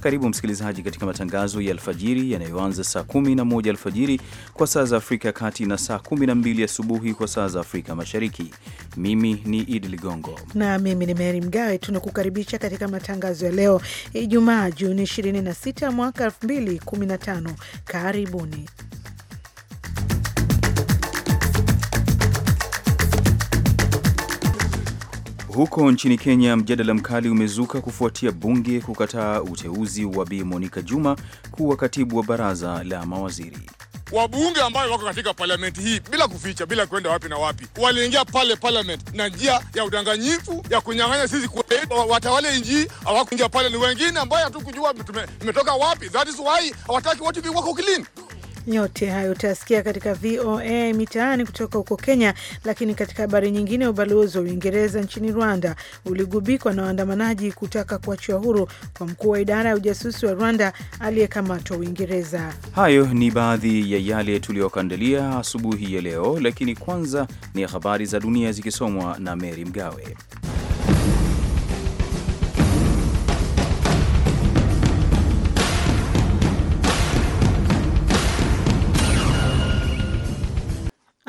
Karibu msikilizaji katika matangazo ya alfajiri yanayoanza saa 11 alfajiri kwa saa za Afrika ya Kati na saa 12 asubuhi kwa saa za Afrika Mashariki. Mimi ni Idi Ligongo na mimi ni Meri Mgawe. Tunakukaribisha katika matangazo ya leo Ijumaa, Juni 26 mwaka 2015. Karibuni Huko nchini Kenya, mjadala mkali umezuka kufuatia bunge kukataa uteuzi wa Bi Monica Juma kuwa katibu wa baraza la mawaziri. Wabunge ambayo wako katika parliamenti hii, bila kuficha, bila kwenda wapi na wapi, waliingia pale parliament na njia ya udanganyifu ya kunyang'anya sisi eh, watawale nji. Hawakuingia pale, ni wengine ambayo hatukujua imetoka wapi. That is why hawataki watu wako clean yote hayo utasikia katika VOA Mitaani kutoka huko Kenya. Lakini katika habari nyingine, ubalozi wa Uingereza nchini Rwanda uligubikwa na waandamanaji kutaka kuachiwa huru kwa mkuu wa idara ya ujasusi wa Rwanda aliyekamatwa Uingereza. Hayo ni baadhi ya yale tuliyokandalia asubuhi ya leo, lakini kwanza ni habari za dunia zikisomwa na Meri Mgawe.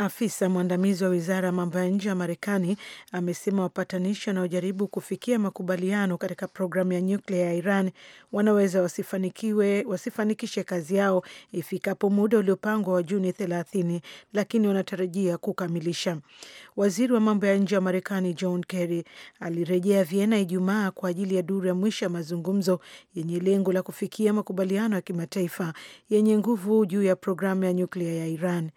Afisa mwandamizi wa wizara ya mambo ya nje ya Marekani amesema wapatanishi wanaojaribu kufikia makubaliano katika programu ya nyuklia ya Iran wanaweza wasifanikiwe, wasifanikishe kazi yao ifikapo muda uliopangwa wa Juni 30, lakini wanatarajia kukamilisha. Waziri wa mambo ya nje wa Marekani John Kerry alirejea Vienna Ijumaa kwa ajili ya duru ya mwisho ya mazungumzo yenye lengo la kufikia makubaliano ya kimataifa yenye nguvu juu ya programu ya nyuklia ya Iran.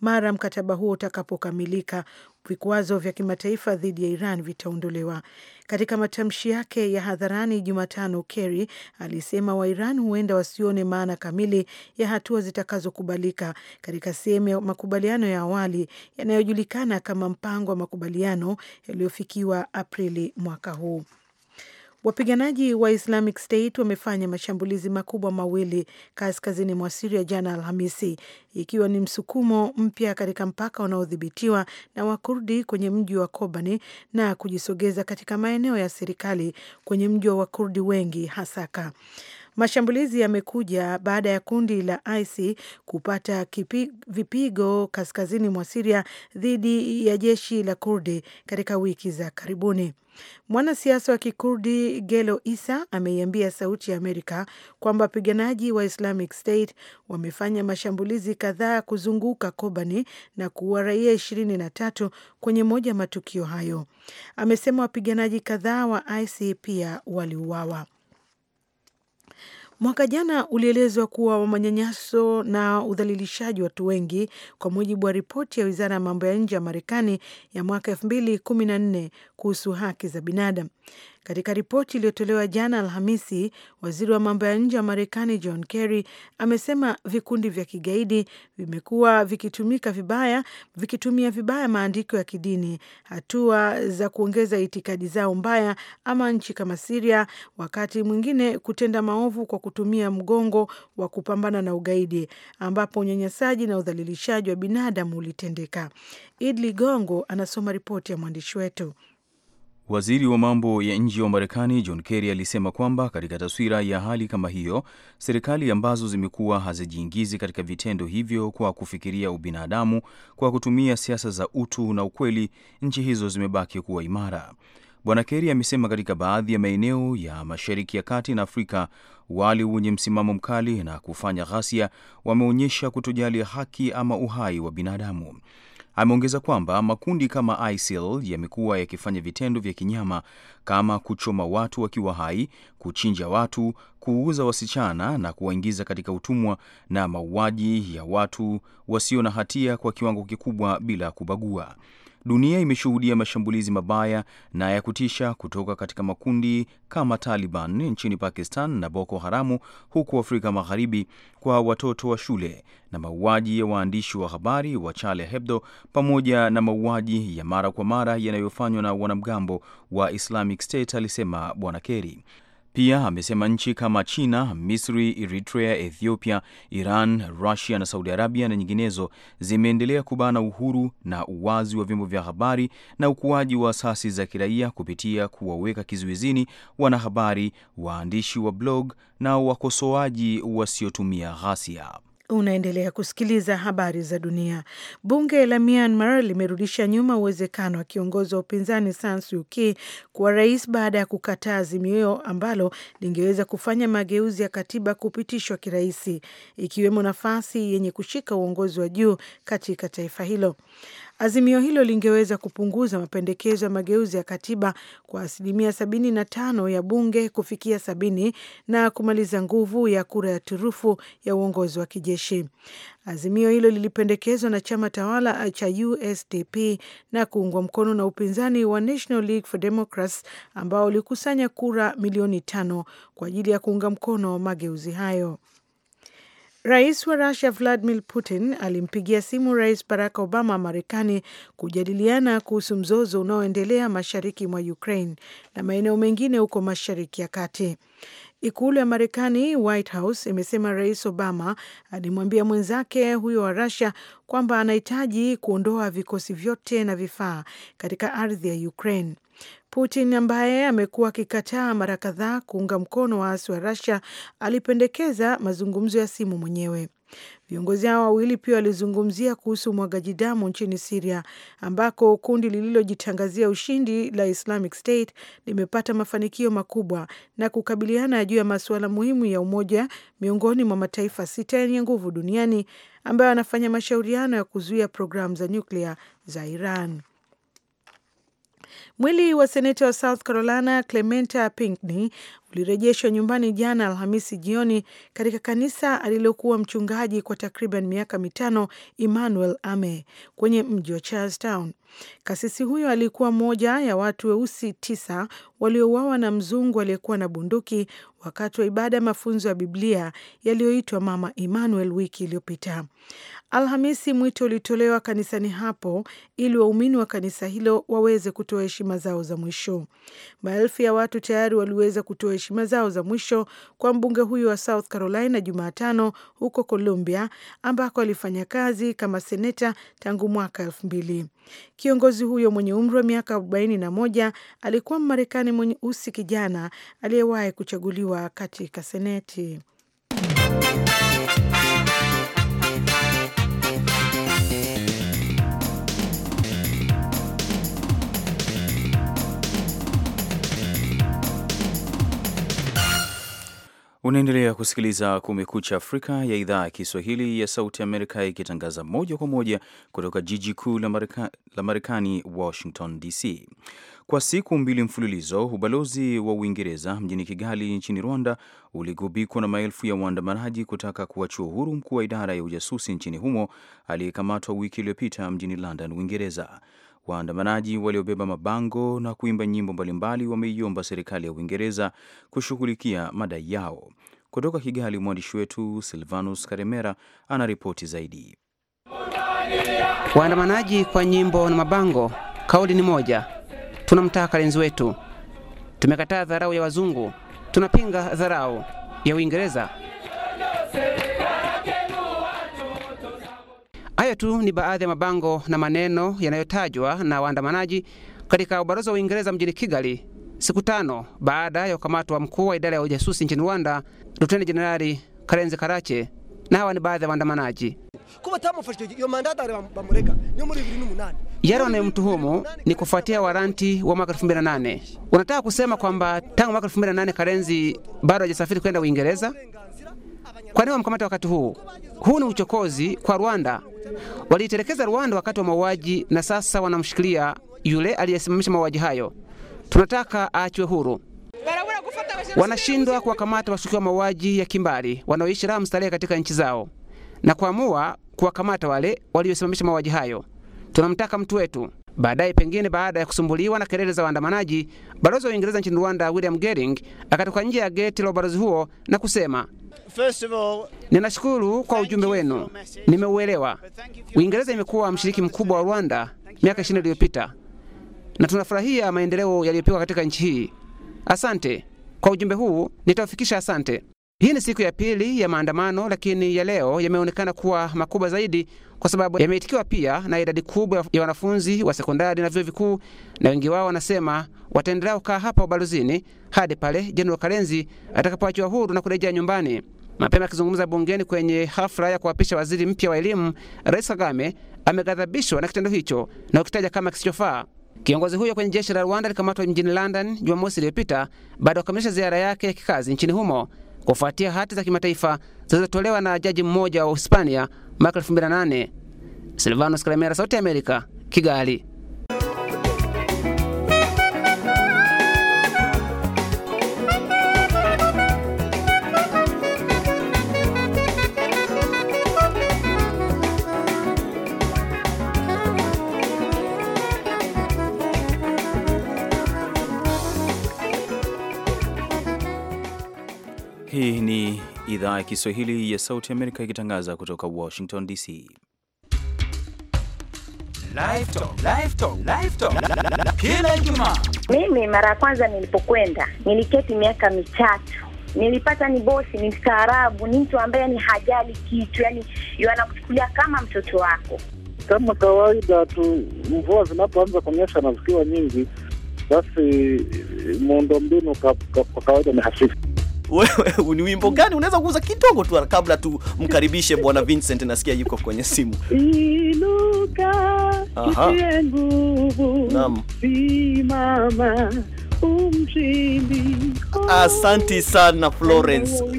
Mara mkataba mkataba huo utakapokamilika vikwazo vya kimataifa dhidi ya Iran vitaondolewa. Katika matamshi yake ya hadharani Jumatano, Kerry alisema Wairan huenda wasione maana kamili ya hatua zitakazokubalika katika sehemu ya makubaliano ya awali yanayojulikana kama mpango wa makubaliano yaliyofikiwa Aprili mwaka huu. Wapiganaji wa Islamic State wamefanya mashambulizi makubwa mawili kaskazini mwa Siria jana Alhamisi, ikiwa ni msukumo mpya katika mpaka unaodhibitiwa na Wakurdi kwenye mji wa Kobani na kujisogeza katika maeneo ya serikali kwenye mji wa Wakurdi wengi Hasaka. Mashambulizi yamekuja baada ya kundi la IC kupata kipi, vipigo kaskazini mwa Siria dhidi ya jeshi la Kurdi katika wiki za karibuni. Mwanasiasa wa Kikurdi Gelo Isa ameiambia Sauti ya Amerika kwamba wapiganaji wa Islamic State wamefanya mashambulizi kadhaa kuzunguka Kobani na kuua raia ishirini na tatu kwenye moja matukio hayo. Amesema wapiganaji kadhaa wa IC pia waliuawa. Mwaka jana ulielezwa kuwa manyanyaso na udhalilishaji watu wengi, kwa mujibu wa ripoti ya wizara ya mambo ya nje ya Marekani ya mwaka elfu mbili kumi na nne kuhusu haki za binadamu. Katika ripoti iliyotolewa jana Alhamisi, waziri wa mambo ya nje wa Marekani John Kerry amesema vikundi vya kigaidi vimekuwa vikitumika vibaya, vikitumia vibaya maandiko ya kidini, hatua za kuongeza itikadi zao mbaya, ama nchi kama Siria, wakati mwingine kutenda maovu kwa kutumia mgongo wa kupambana na ugaidi, ambapo unyanyasaji na udhalilishaji wa binadamu ulitendeka. idli gongo anasoma ripoti ya mwandishi wetu. Waziri wa mambo ya nje wa Marekani John Kerry alisema kwamba katika taswira ya hali kama hiyo, serikali ambazo zimekuwa hazijiingizi katika vitendo hivyo kwa kufikiria ubinadamu kwa kutumia siasa za utu na ukweli, nchi hizo zimebaki kuwa imara. Bwana Kerry amesema katika baadhi ya maeneo ya Mashariki ya Kati na Afrika wale wenye msimamo mkali na kufanya ghasia wameonyesha kutojali haki ama uhai wa binadamu. Ameongeza kwamba makundi kama ISIL yamekuwa yakifanya vitendo vya kinyama kama kuchoma watu wakiwa hai, kuchinja watu, kuuza wasichana na kuwaingiza katika utumwa na mauaji ya watu wasio na hatia kwa kiwango kikubwa bila kubagua. Dunia imeshuhudia mashambulizi mabaya na ya kutisha kutoka katika makundi kama Taliban nchini Pakistan na Boko Haramu huku Afrika Magharibi kwa watoto wa shule na mauaji ya waandishi wa habari wa Charlie Hebdo pamoja na mauaji ya mara kwa mara yanayofanywa na wanamgambo wa Islamic State, alisema Bwana Kerry. Pia amesema nchi kama China, Misri, Eritrea, Ethiopia, Iran, Rusia na Saudi Arabia na nyinginezo zimeendelea kubana uhuru na uwazi wa vyombo vya habari na ukuaji wa asasi za kiraia kupitia kuwaweka kizuizini wanahabari, waandishi wa blog na wakosoaji wasiotumia ghasia. Unaendelea kusikiliza habari za dunia. Bunge la Myanmar limerudisha nyuma uwezekano wa kiongozi wa upinzani San Suu Kyi kuwa rais baada ya kukataa azimio ambalo lingeweza kufanya mageuzi ya katiba kupitishwa kirahisi, ikiwemo nafasi yenye kushika uongozi wa juu katika taifa hilo. Azimio hilo lingeweza kupunguza mapendekezo ya mageuzi ya katiba kwa asilimia sabini na tano ya bunge kufikia sabini na kumaliza nguvu ya kura ya turufu ya uongozi wa kijeshi. Azimio hilo lilipendekezwa na chama tawala eh, cha USDP na kuungwa mkono na upinzani wa National League for Democrats ambao ulikusanya kura milioni tano kwa ajili ya kuunga mkono mageuzi hayo. Rais wa Rusia Vladimir Putin alimpigia simu Rais Barack Obama wa Marekani kujadiliana kuhusu mzozo unaoendelea mashariki mwa Ukraine na maeneo mengine huko Mashariki ya Kati. Ikulu ya Marekani, White House, imesema Rais Obama alimwambia mwenzake huyo wa rasia kwamba anahitaji kuondoa vikosi vyote na vifaa katika ardhi ya Ukraine. Putin ambaye amekuwa akikataa mara kadhaa kuunga mkono waasi wa rasia alipendekeza mazungumzo ya simu mwenyewe. Viongozi hao wawili pia walizungumzia kuhusu umwagaji damu nchini Siria ambako kundi lililojitangazia ushindi la Islamic State limepata mafanikio makubwa na kukabiliana juu ya masuala muhimu ya umoja miongoni mwa mataifa sita yenye nguvu duniani ambayo anafanya mashauriano ya kuzuia programu za nyuklia za Iran. Mwili wa seneta wa South Carolina Clementa Pinckney ulirejeshwa nyumbani jana Alhamisi jioni katika kanisa alilokuwa mchungaji kwa takriban miaka mitano, Emmanuel Ame, kwenye mji wa Charlestown. Kasisi huyo alikuwa mmoja ya watu weusi tisa waliouawa na mzungu aliyekuwa na bunduki wakati wa ibada ya mafunzo ya Biblia yaliyoitwa Mama Emmanuel wiki iliyopita. Alhamisi mwito ulitolewa kanisani hapo ili waumini wa kanisa hilo waweze kutoa heshima zao za mwisho. Maelfu ya watu tayari waliweza kutoa heshima zao za mwisho kwa mbunge huyo wa South Carolina Jumatano huko Columbia, ambako alifanya kazi kama seneta tangu mwaka elfu mbili. Kiongozi huyo mwenye umri wa miaka 41 alikuwa Mmarekani mwenye usi kijana aliyewahi kuchaguliwa katika Seneti. Unaendelea kusikiliza Kumekucha Afrika ya idhaa ya Kiswahili ya Sauti Amerika, ikitangaza moja kwa moja kutoka jiji kuu la Marika, la Marekani, Washington DC. Kwa siku mbili mfululizo, ubalozi wa Uingereza mjini Kigali nchini Rwanda uligubikwa na maelfu ya waandamanaji kutaka kuachia uhuru mkuu wa idara ya ujasusi nchini humo aliyekamatwa wiki iliyopita mjini London, Uingereza. Waandamanaji waliobeba mabango na kuimba nyimbo mbalimbali wameiomba serikali ya Uingereza kushughulikia madai yao. Kutoka Kigali, mwandishi wetu Silvanus Karemera anaripoti zaidi. Waandamanaji kwa nyimbo na mabango, kauli ni moja: tunamtaka lenzi wetu, tumekataa dharau ya wazungu, tunapinga dharau ya Uingereza. Haya tu ni baadhi ya mabango na maneno yanayotajwa na waandamanaji katika ubalozi wa Uingereza mjini Kigali siku tano baada ya kukamatwa mkuu wa idara ya ujasusi nchini Rwanda, Luteni Jenerali Karenzi Karache. Na hawa ni baadhi ya waandamanaji. Yale wanayomtuhumu ni kufuatia waranti wa mwaka 2008. unataka kusema kwamba tangu mwaka 2008 Karenzi bado hajasafiri kwenda Uingereza kwa nini wamkamata wakati huu? Huu ni uchokozi kwa Rwanda. Waliitelekeza Rwanda wakati wa mauaji na sasa wanamshikilia yule aliyesimamisha mauaji hayo. Tunataka aachiwe huru. Wanashindwa kuwakamata washukiwa mauaji ya kimbari wanaoishi raha mstarehe katika nchi zao na kuamua kuwakamata wale waliosimamisha mauaji hayo. Tunamtaka mtu wetu. Baadaye pengine baada ya kusumbuliwa na kelele za waandamanaji, balozi wa Uingereza nchini Rwanda William Gering akatoka nje ya geti la ubalozi huo na kusema Ninashukuru kwa ujumbe wenu, nimeuelewa. Uingereza imekuwa mshiriki mkubwa wa Rwanda miaka 20 iliyopita na tunafurahia maendeleo yaliyopewa katika nchi hii. Asante kwa ujumbe huu nitawafikisha. Asante. Hii ni siku ya pili ya maandamano, lakini ya leo yameonekana kuwa makubwa zaidi kwa sababu yameitikiwa pia na idadi kubwa ya wanafunzi wa sekondari na vyuo vikuu, na wengi wao wanasema wataendelea kukaa hapa ubalozini hadi pale Jenerali Karenzi atakapoachiwa huru na kurejea nyumbani. Mapema akizungumza bungeni kwenye hafla ya kuapisha waziri mpya wa elimu, Rais Kagame amegadhabishwa na kitendo hicho na kukitaja kama kisichofaa. Kiongozi huyo kwenye jeshi la Rwanda alikamatwa mjini London Jumamosi iliyopita baada ya kukamilisha ziara yake ya kikazi nchini humo kufuatia hati za kimataifa zilizotolewa na jaji mmoja wa Uhispania mwaka 2008. Silvanos Kalemera, Sauti ya Amerika, Kigali. idhaa ya Kiswahili ya Sauti Amerika ikitangaza kutoka Washington DC. Kila Ijumaa mimi mara ya kwanza nilipokwenda niliketi miaka mitatu nilipata ni bosi ni mstaarabu, ni mtu ambaye ni hajali kitu, yani anakuchukulia kama mtoto wako. Kama kawaida tu, mvua zinapoanza kuonyesha na zikiwa nyingi, basi eh, muundombinu kwa kawaida ni hafifu wewe ni wimbo mm. gani unaweza kuuza kidogo tu kabla tumkaribishe bwana Vincent, nasikia yuko kwenye simu. Inuka kitie nguvu, simama umshindi. Asanti sana Florence. Oh.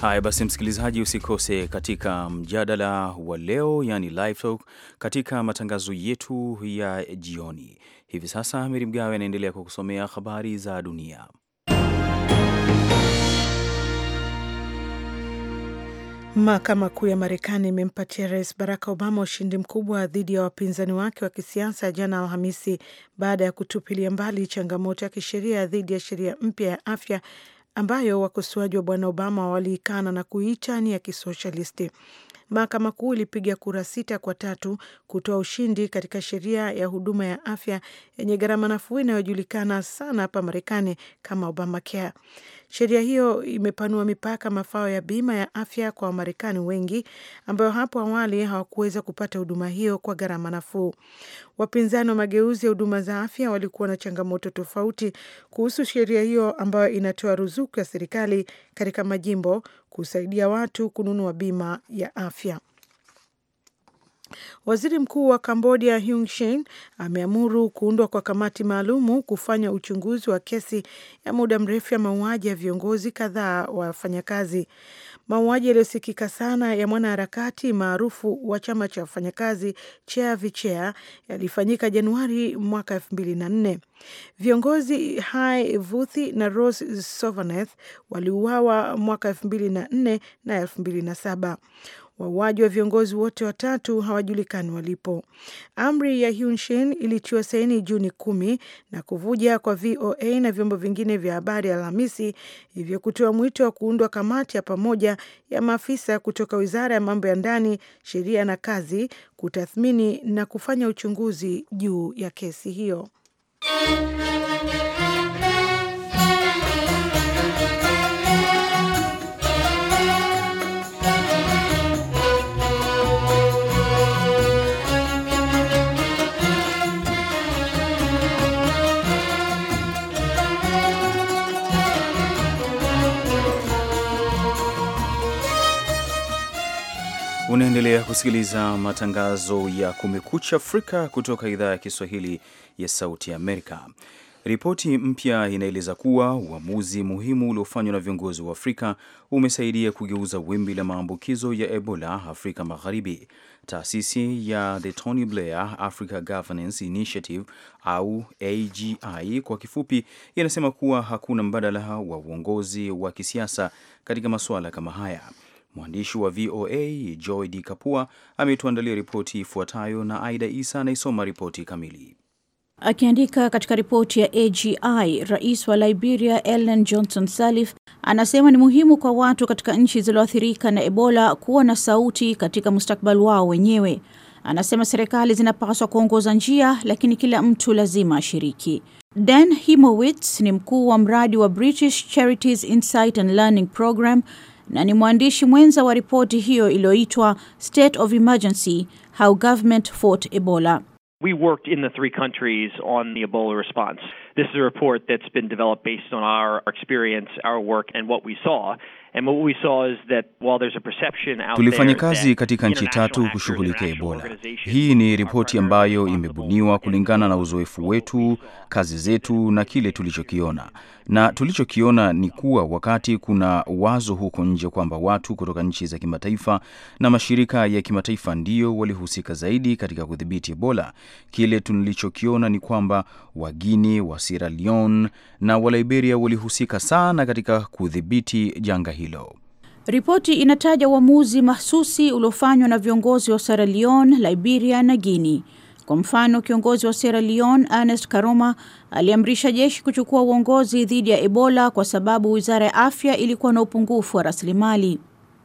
Haya basi, msikilizaji, usikose katika mjadala wa leo, yani live talk, katika matangazo yetu ya jioni. Hivi sasa Amiri Mgawe anaendelea kwa kusomea habari za dunia. Mahakama Kuu ya Marekani imempatia Rais Barack Obama ushindi mkubwa dhidi ya wapinzani wake wa kisiasa jana Alhamisi, baada ya kutupilia mbali changamoto ya kisheria dhidi ya sheria mpya ya afya ambayo wakosoaji wa bwana Obama waliikana na kuiita ni ya kisoshalisti. Mahakama Kuu ilipiga kura sita kwa tatu kutoa ushindi katika sheria ya huduma ya afya yenye gharama nafuu inayojulikana sana hapa Marekani kama Obamacare. Sheria hiyo imepanua mipaka mafao ya bima ya afya kwa Wamarekani wengi ambayo hapo awali hawakuweza kupata huduma hiyo kwa gharama nafuu. Wapinzani wa mageuzi ya huduma za afya walikuwa na changamoto tofauti kuhusu sheria hiyo ambayo inatoa ruzuku ya serikali katika majimbo kusaidia watu kununua bima ya afya. Waziri Mkuu wa Kambodia Hun Sen ameamuru kuundwa kwa kamati maalumu kufanya uchunguzi wa kesi ya muda mrefu ya mauaji ya viongozi kadhaa wa wafanyakazi mauaji yaliyosikika sana ya mwanaharakati maarufu wa chama cha wafanyakazi Chea Vichea yalifanyika Januari mwaka elfu mbili na nne. Viongozi Hai Vuthi na Rose Sovaneth waliuawa mwaka elfu mbili na nne na elfu mbili na saba. Wauaji wa viongozi wote watatu hawajulikani walipo. Amri ya Hun ilitiwa saini Juni kumi na kuvuja kwa VOA na vyombo vingine vya habari Alhamisi, hivyo kutoa mwito wa kuundwa kamati ya pamoja ya maafisa kutoka wizara ya mambo ya ndani, sheria na kazi kutathmini na kufanya uchunguzi juu ya kesi hiyo. Unaendelea kusikiliza matangazo ya Kumekucha Afrika kutoka idhaa ya Kiswahili ya Sauti Amerika. Ripoti mpya inaeleza kuwa uamuzi muhimu uliofanywa na viongozi wa Afrika umesaidia kugeuza wimbi la maambukizo ya Ebola Afrika Magharibi. Taasisi ya The Tony Blair Africa Governance Initiative au AGI kwa kifupi, inasema kuwa hakuna mbadala wa uongozi wa kisiasa katika masuala kama haya. Mwandishi wa VOA Joy D Kapua ametuandalia ripoti ifuatayo, na Aida Isa anaisoma ripoti kamili. Akiandika katika ripoti ya AGI, rais wa Liberia Ellen Johnson Sirleaf anasema ni muhimu kwa watu katika nchi zilizoathirika na Ebola kuwa na sauti katika mustakabali wao wenyewe. Anasema serikali zinapaswa kuongoza njia, lakini kila mtu lazima ashiriki. Dan Himowitz ni mkuu wa mradi wa British Charities Insight and Learning Program na ni mwandishi mwenza wa ripoti hiyo iliyoitwa State of Emergency How Government Fought Ebola. We worked in the three countries on the Ebola response. This is a report that's been developed based on our experience, our work, and what we saw. Tulifanya kazi katika nchi tatu kushughulikia Ebola. Hii ni ripoti ambayo imebuniwa kulingana na uzoefu wetu, kazi zetu na kile tulichokiona. Na tulichokiona ni kuwa wakati kuna wazo huko nje kwamba watu kutoka nchi za kimataifa na mashirika ya kimataifa ndiyo walihusika zaidi katika kudhibiti Ebola, kile tulichokiona ni kwamba Wagini wa Sierra Leone na waliberia walihusika sana katika kudhibiti janga hilo. Ripoti inataja uamuzi mahsusi uliofanywa na viongozi wa Sierra Leone, Liberia na Guinea. Kwa mfano, kiongozi wa Sierra Leone Ernest Karoma aliamrisha jeshi kuchukua uongozi dhidi ya Ebola kwa sababu wizara ya afya ilikuwa na upungufu wa rasilimali.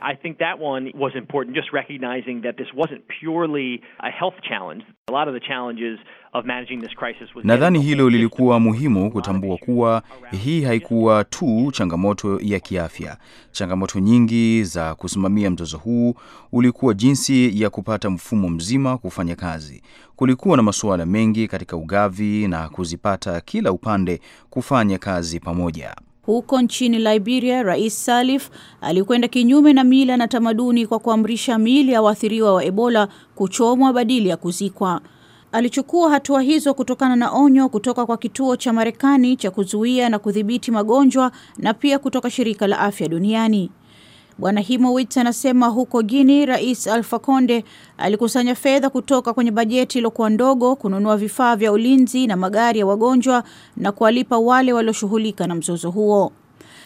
I think that one was important, just recognizing that this wasn't purely a health challenge. A lot of the challenges of managing this crisis was. Nadhani hilo lilikuwa muhimu kutambua kuwa hii haikuwa tu changamoto ya kiafya. Changamoto nyingi za kusimamia mzozo huu ulikuwa jinsi ya kupata mfumo mzima kufanya kazi. Kulikuwa na masuala mengi katika ugavi na kuzipata kila upande kufanya kazi pamoja. Huko nchini Liberia, Rais Salif alikwenda kinyume na mila na tamaduni kwa kuamrisha miili ya waathiriwa wa Ebola kuchomwa badili ya kuzikwa. Alichukua hatua hizo kutokana na onyo kutoka kwa kituo cha Marekani cha kuzuia na kudhibiti magonjwa na pia kutoka shirika la afya duniani. Bwana Himowitz anasema huko guini Rais alfa Conde alikusanya fedha kutoka kwenye bajeti iliyokuwa ndogo kununua vifaa vya ulinzi na magari ya wagonjwa na kuwalipa wale walioshughulika na mzozo huo.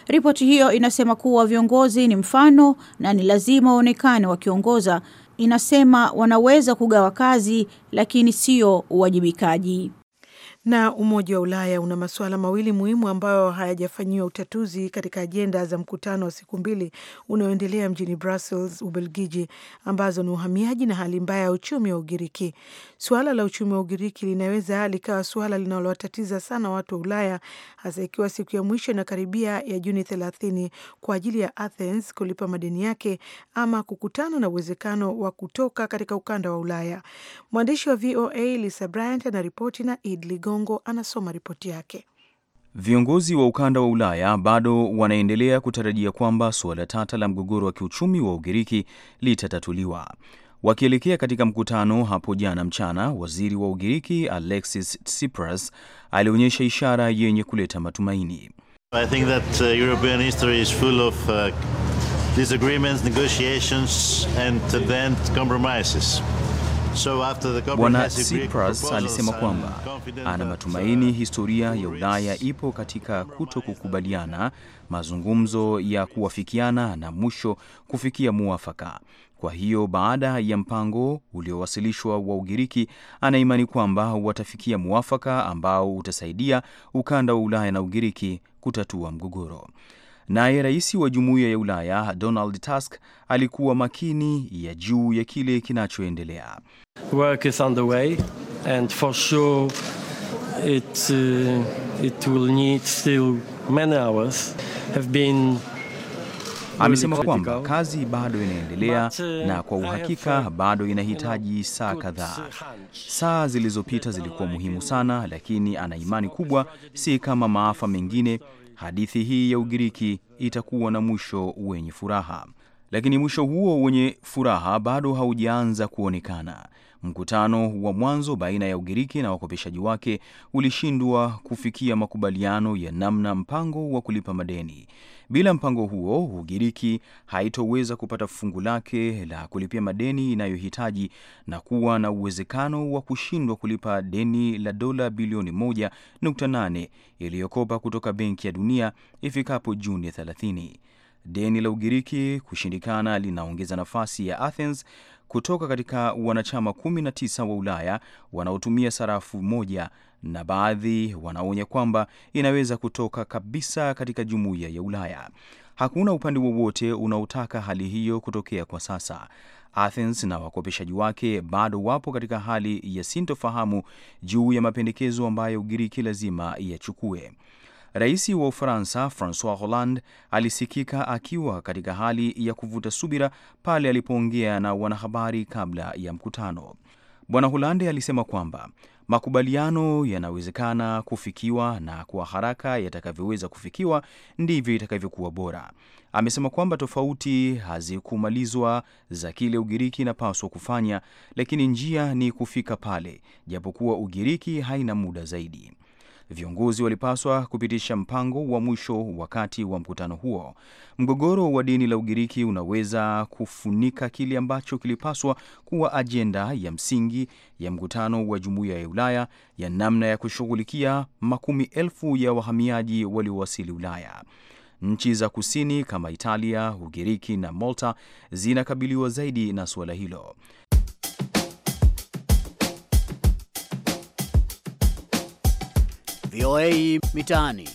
Ripoti hiyo inasema kuwa viongozi ni mfano na ni lazima waonekane wakiongoza. Inasema wanaweza kugawa kazi lakini sio uwajibikaji. Na Umoja wa Ulaya una masuala mawili muhimu ambayo hayajafanyiwa utatuzi katika ajenda za mkutano wa siku mbili unaoendelea mjini Brussels, Ubelgiji, ambazo ni uhamiaji na hali mbaya ya uchumi wa Ugiriki. Suala la uchumi wa Ugiriki linaweza likawa suala linalowatatiza sana watu wa Ulaya, hasa ikiwa siku ya mwisho inakaribia ya Juni thelathini kwa ajili ya Athens kulipa madeni yake ama kukutana na uwezekano wa kutoka katika ukanda wa Ulaya. Mwandishi wa VOA Lisa Bryant anaripoti na Id Mgongo anasoma ripoti yake. Viongozi wa ukanda wa Ulaya bado wanaendelea kutarajia kwamba suala tata la mgogoro wa kiuchumi wa Ugiriki litatatuliwa. Wakielekea katika mkutano hapo jana mchana, waziri wa Ugiriki Alexis Tsipras alionyesha ishara yenye kuleta matumaini. I think that, uh, European history is full of, uh, disagreements, negotiations and then compromises. Bwana Tsipras alisema uh, kwamba ana matumaini uh, historia ya Ulaya ipo katika kutokukubaliana, mazungumzo ya kuwafikiana na mwisho kufikia muafaka. Kwa hiyo baada ya mpango uliowasilishwa wa Ugiriki, ana imani kwamba watafikia muafaka ambao utasaidia ukanda wa Ulaya na Ugiriki kutatua mgogoro. Naye rais wa jumuiya ya Ulaya Donald Tusk alikuwa makini ya juu ya kile kinachoendelea. Work is underway and for sure it, uh, it will need still many hours have been Amesema kwamba kazi bado inaendelea uh, na kwa uhakika uh, bado inahitaji saa kadhaa. Saa zilizopita zilikuwa muhimu sana, lakini ana imani kubwa, si kama maafa mengine hadithi hii ya Ugiriki itakuwa na mwisho wenye furaha, lakini mwisho huo wenye furaha bado haujaanza kuonekana. Mkutano wa mwanzo baina ya Ugiriki na wakopeshaji wake ulishindwa kufikia makubaliano ya namna mpango wa kulipa madeni. Bila mpango huo, Ugiriki haitoweza kupata fungu lake la kulipia madeni inayohitaji na kuwa na uwezekano wa kushindwa kulipa deni la dola bilioni 1.8 iliyokopa kutoka Benki ya Dunia ifikapo Juni 30. Deni la Ugiriki kushindikana linaongeza nafasi ya Athens kutoka katika wanachama 19 wa Ulaya wanaotumia sarafu moja, na baadhi wanaonya kwamba inaweza kutoka kabisa katika jumuiya ya Ulaya. Hakuna upande wowote unaotaka hali hiyo kutokea kwa sasa. Athens na wakopeshaji wake bado wapo katika hali ya sintofahamu juu ya mapendekezo ambayo Ugiriki lazima yachukue. Rais wa Ufaransa Francois Hollande alisikika akiwa katika hali ya kuvuta subira pale alipoongea na wanahabari kabla ya mkutano. Bwana Hollande alisema kwamba makubaliano yanawezekana kufikiwa na kwa haraka yatakavyoweza kufikiwa ndivyo itakavyokuwa bora. Amesema kwamba tofauti hazikumalizwa za kile Ugiriki inapaswa kufanya, lakini njia ni kufika pale, japokuwa Ugiriki haina muda zaidi viongozi walipaswa kupitisha mpango wa mwisho wakati wa mkutano huo. Mgogoro wa dini la Ugiriki unaweza kufunika kile ambacho kilipaswa kuwa ajenda ya msingi ya mkutano wa Jumuiya ya Ulaya ya namna ya kushughulikia makumi elfu ya wahamiaji waliowasili Ulaya. Nchi za kusini kama Italia, Ugiriki na Malta zinakabiliwa zaidi na suala hilo. VOA Mitaani.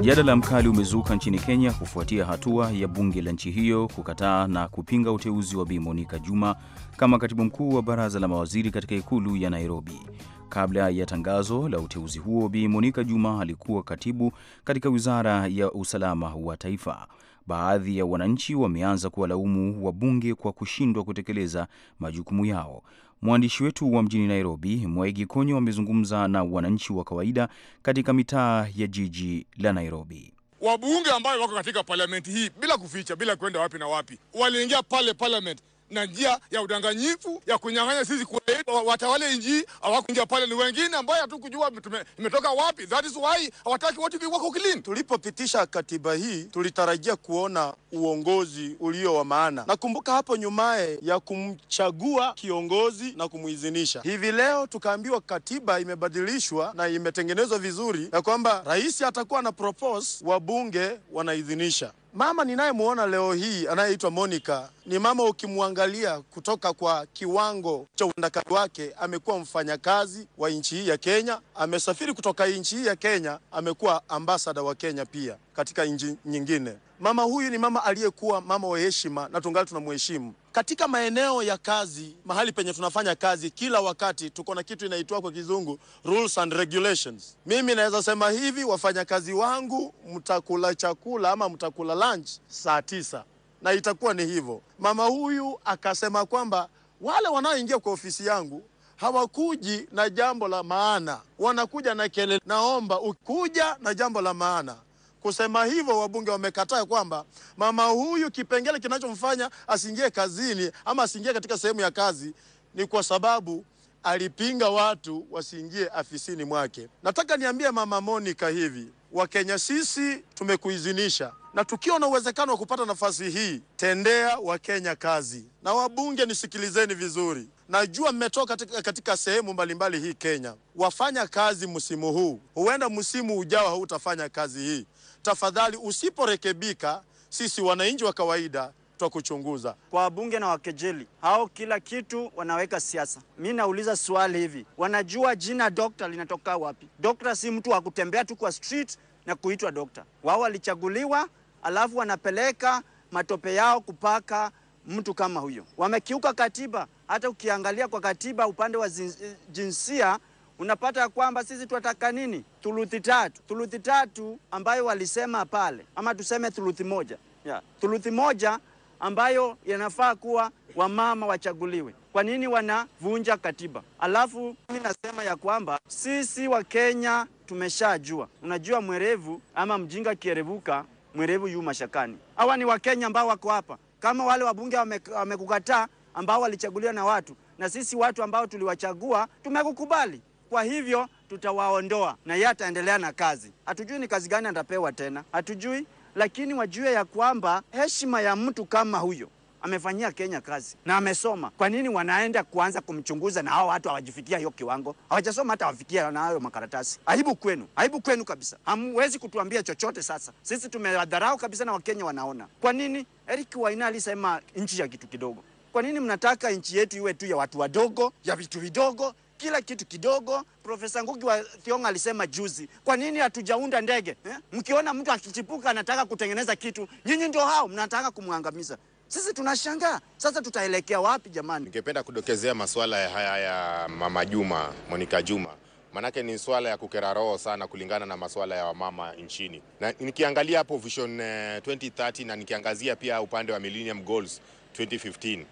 Mjadala mkali umezuka nchini Kenya kufuatia hatua ya bunge la nchi hiyo kukataa na kupinga uteuzi wa Bi Monica Juma kama katibu mkuu wa baraza la mawaziri katika ikulu ya Nairobi. Kabla ya tangazo la uteuzi huo, Bi Monica Juma alikuwa katibu katika wizara ya usalama wa taifa baadhi ya wananchi wameanza kuwalaumu wabunge kwa kushindwa kutekeleza majukumu yao. Mwandishi wetu wa mjini Nairobi, Mwaigi Konyo, amezungumza na wananchi wa kawaida katika mitaa ya jiji la Nairobi. Wabunge ambayo wako katika parliament hii, bila kuficha, bila kwenda wapi na wapi, waliingia pale parliament na njia ya udanganyifu ya kunyang'anya sisi kura. Watawale nchi hawakuingia pale, ni wengine ambayo hatukujua imetoka wapi. That is why hawataki watu wako clean. Tulipopitisha katiba hii tulitarajia kuona uongozi ulio wa maana. Nakumbuka hapo nyumaye ya kumchagua kiongozi na kumuidhinisha. Hivi leo tukaambiwa katiba imebadilishwa na imetengenezwa vizuri ya kwamba rais atakuwa na propose, wabunge wanaidhinisha. Mama ninayemwona leo hii anayeitwa Monica ni mama, ukimwangalia kutoka kwa kiwango cha uandakazi wake, amekuwa mfanyakazi wa nchi hii ya Kenya, amesafiri kutoka nchi hii ya Kenya, amekuwa ambasada wa Kenya pia katika nchi nyingine. Mama huyu ni mama aliyekuwa mama wa heshima na tungali tunamheshimu katika maeneo ya kazi, mahali penye tunafanya kazi. Kila wakati tuko na kitu inaitwa kwa kizungu rules and regulations. Mimi naweza sema hivi, wafanyakazi wangu mtakula chakula ama mtakula lunch saa tisa na itakuwa ni hivyo. Mama huyu akasema kwamba wale wanaoingia kwa ofisi yangu hawakuji na jambo la maana, wanakuja na kelele. Naomba ukuja na jambo la maana Kusema hivyo, wabunge wamekataa kwamba mama huyu kipengele kinachomfanya asiingie kazini ama asiingie katika sehemu ya kazi ni kwa sababu alipinga watu wasiingie afisini mwake. Nataka niambie mama Monica hivi, Wakenya sisi tumekuizinisha, na tukiwa na uwezekano wa kupata nafasi hii, tendea Wakenya kazi. Na wabunge, nisikilizeni vizuri, najua mmetoka katika, katika sehemu mbalimbali hii Kenya. Wafanya kazi msimu huu, huenda msimu ujao hautafanya kazi hii tafadhali usiporekebika, sisi wananchi wa kawaida twa kuchunguza Kwa wabunge na wakejeli hao, kila kitu wanaweka siasa. Mi nauliza swali hivi, wanajua jina dokta linatoka wapi? Dokta si mtu wa kutembea tu kwa street na kuitwa dokta. Wao walichaguliwa, alafu wanapeleka matope yao kupaka mtu kama huyo. Wamekiuka katiba. Hata ukiangalia kwa katiba upande wa eh, jinsia unapata kwamba sisi tunataka nini? Thuluthi tatu, thuluthi tatu ambayo walisema pale, ama tuseme thuluthi moja yeah. Thuluthi moja ambayo yanafaa kuwa wamama wachaguliwe. Kwa nini wanavunja katiba? Alafu mimi nasema ya kwamba sisi wa Kenya tumeshajua, unajua mwerevu ama mjinga kierevuka, mwerevu yu mashakani. Hawa ni Wakenya ambao wako hapa, kama wale wabunge wamekukataa, ambao walichaguliwa na watu, na sisi watu ambao tuliwachagua tumekukubali. Kwa hivyo tutawaondoa na yeye ataendelea na kazi. Hatujui ni kazi gani atapewa tena, hatujui, lakini wajue ya kwamba heshima ya mtu kama huyo amefanyia Kenya kazi na amesoma. Kwa nini wanaenda kuanza kumchunguza na hao watu hawajifikia hiyo kiwango? Hawajasoma hata wafikia na hayo makaratasi. Aibu kwenu, aibu kwenu kabisa. Hamwezi kutuambia chochote sasa. Sisi tumewadharau kabisa na Wakenya wanaona. Kwa nini Eric Waina alisema nchi ya kitu kidogo? Kwa nini mnataka nchi yetu iwe tu ya watu wadogo, ya vitu vidogo? kila kitu kidogo. Profesa Ngugi wa Thiong'o alisema juzi, kwa nini hatujaunda ndege eh? Mkiona mtu akichipuka anataka kutengeneza kitu, nyinyi ndio hao mnataka kumwangamiza. Sisi tunashangaa sasa, tutaelekea wapi jamani? Ningependa kudokezea masuala ya haya ya mama Juma, Monica Juma, manake ni swala ya kukera roho sana, kulingana na masuala ya wamama nchini, na nikiangalia hapo Vision 2030 eh, na nikiangazia pia upande wa Millennium Goals 2015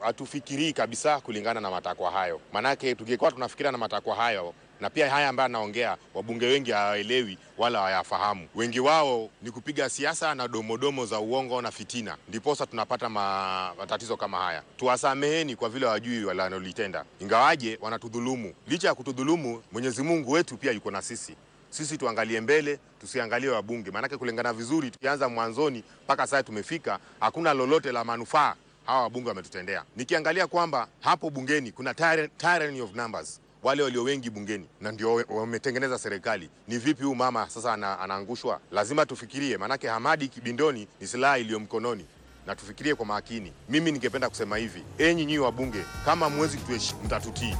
hatufikirii kabisa kulingana na matakwa hayo, maanake tungekuwa tunafikiria na matakwa hayo na pia haya ambayo anaongea wabunge wengi hawaelewi wala hawayafahamu. Wengi wao ni kupiga siasa na domodomo za uongo na fitina, ndiposa tunapata ma... matatizo kama haya. Tuwasameheni kwa vile hawajui wanalolitenda, ingawaje wanatudhulumu. Licha ya kutudhulumu, Mwenyezi Mungu wetu pia yuko na sisi. Sisi tuangalie mbele, tusiangalie wabunge, maanake kulingana vizuri, tukianza mwanzoni mpaka sasa tumefika, hakuna lolote la manufaa hawa wabunge wametutendea. Nikiangalia kwamba hapo bungeni kuna tyranny of numbers wale walio wengi bungeni na ndio wametengeneza serikali. Ni vipi huyu mama sasa anaangushwa? Lazima tufikirie, maanake Hamadi kibindoni ni silaha iliyo mkononi, na tufikirie kwa makini. Mimi ningependa kusema hivi, enyi nyinyi wabunge, kama mwezi mtatutii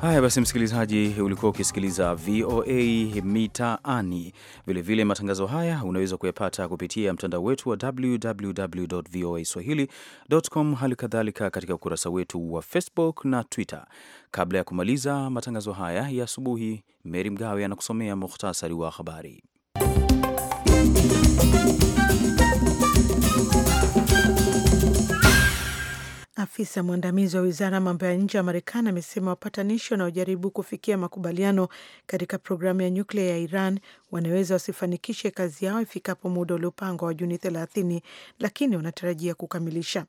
Haya basi, msikilizaji, ulikuwa ukisikiliza VOA Mitaani. Vilevile matangazo haya unaweza kuyapata kupitia mtandao wetu wa www voa swahilicom, hali kadhalika katika ukurasa wetu wa Facebook na Twitter. Kabla ya kumaliza matangazo haya ya asubuhi, Meri Mgawe anakusomea muhtasari wa habari. Afisa mwandamizi wa wizara ya mambo ya nje ya Marekani amesema wapatanishi wanaojaribu kufikia makubaliano katika programu ya nyuklia ya Iran wanaweza wasifanikishe kazi yao ifikapo muda uliopangwa wa Juni 30, lakini wanatarajia kukamilisha.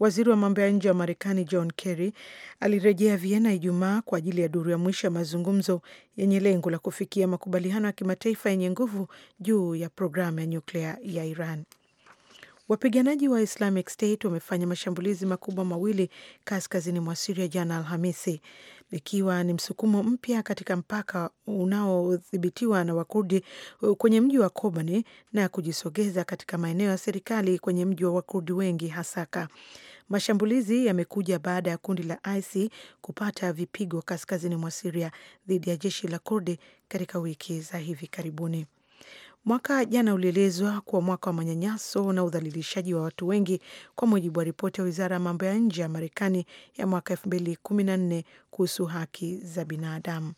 Waziri wa mambo ya nje wa Marekani John Kerry alirejea Vienna Ijumaa kwa ajili ya duru ya mwisho ya mazungumzo yenye lengo la kufikia makubaliano ya kimataifa yenye nguvu juu ya programu ya nyuklia ya Iran. Wapiganaji wa Islamic State wamefanya mashambulizi makubwa mawili kaskazini mwa Siria jana Alhamisi, ikiwa ni msukumo mpya katika mpaka unaodhibitiwa na Wakurdi kwenye mji wa Kobani na kujisogeza katika maeneo ya serikali kwenye mji wa Wakurdi wengi Hasaka. Mashambulizi yamekuja baada ya kundi la IC kupata vipigo kaskazini mwa Siria dhidi ya jeshi la Kurdi katika wiki za hivi karibuni. Mwaka jana ulielezwa kuwa mwaka wa manyanyaso na udhalilishaji wa watu wengi kwa mujibu wa ripoti ya wizara ya mambo ya nje ya Marekani ya mwaka elfu mbili kumi na nne kuhusu haki za binadamu.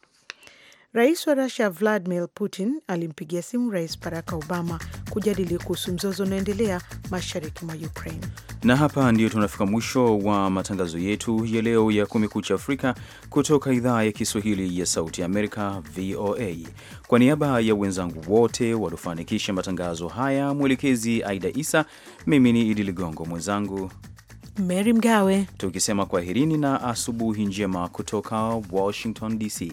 Rais wa Rusia Vladimir Putin alimpigia simu Rais Barack Obama kujadili kuhusu mzozo unaoendelea mashariki mwa Ukraine. Na hapa ndiyo tunafika mwisho wa matangazo yetu ya leo ya Kumekucha Afrika kutoka idhaa ya Kiswahili ya Sauti Amerika, VOA. Kwa niaba ya wenzangu wote waliofanikisha matangazo haya, mwelekezi Aida Isa, mimi ni Idi Ligongo, mwenzangu Mary Mgawe, tukisema kwaherini na asubuhi njema kutoka Washington DC.